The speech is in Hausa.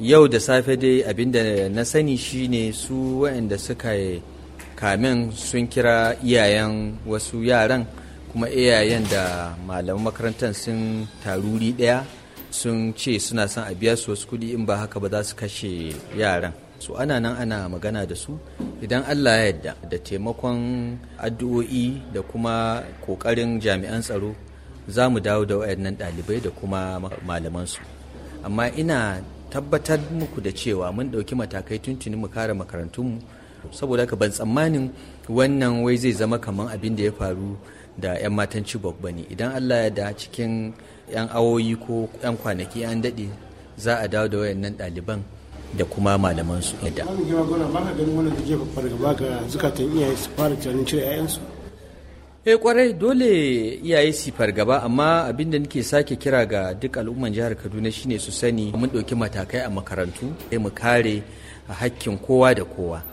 yau da safe dai abinda na sani shine su waɗanda suka kamin sun kira iyayen wasu yaran kuma iyayen da malaman makarantar sun taruri ɗaya sun ce suna son a biya su wasu kuɗi in ba haka ba za su kashe yaran su ana nan ana magana da su idan allah ya yarda da taimakon addu'o'i da kuma ƙoƙarin jami'an tsaro za mu dawo da waɗannan ɗalibai da kuma malamansu amma ina tabbatar muku da cewa mun ɗauki matakai tuntuni mu kare makarantunmu saboda haka ban tsammanin wannan wai zai zama kamar abin da ya faru da 'yan matan cibok ba ne idan Allah ya da cikin 'yan awoyi ko 'yan kwanaki an daɗe za a dawo da wayannan ɗaliban da kuma malaman su Wani gona ganin wannan da jefa fargaba ga zukatan iyaye su fara tunanin cire 'ya'yansu. eh kwarai dole iyaye su fargaba amma abin da nake sake kira ga duk al'umman jihar kaduna shine su sani mun ɗauki matakai a makarantu eh, mu kare a hakkin kowa da kowa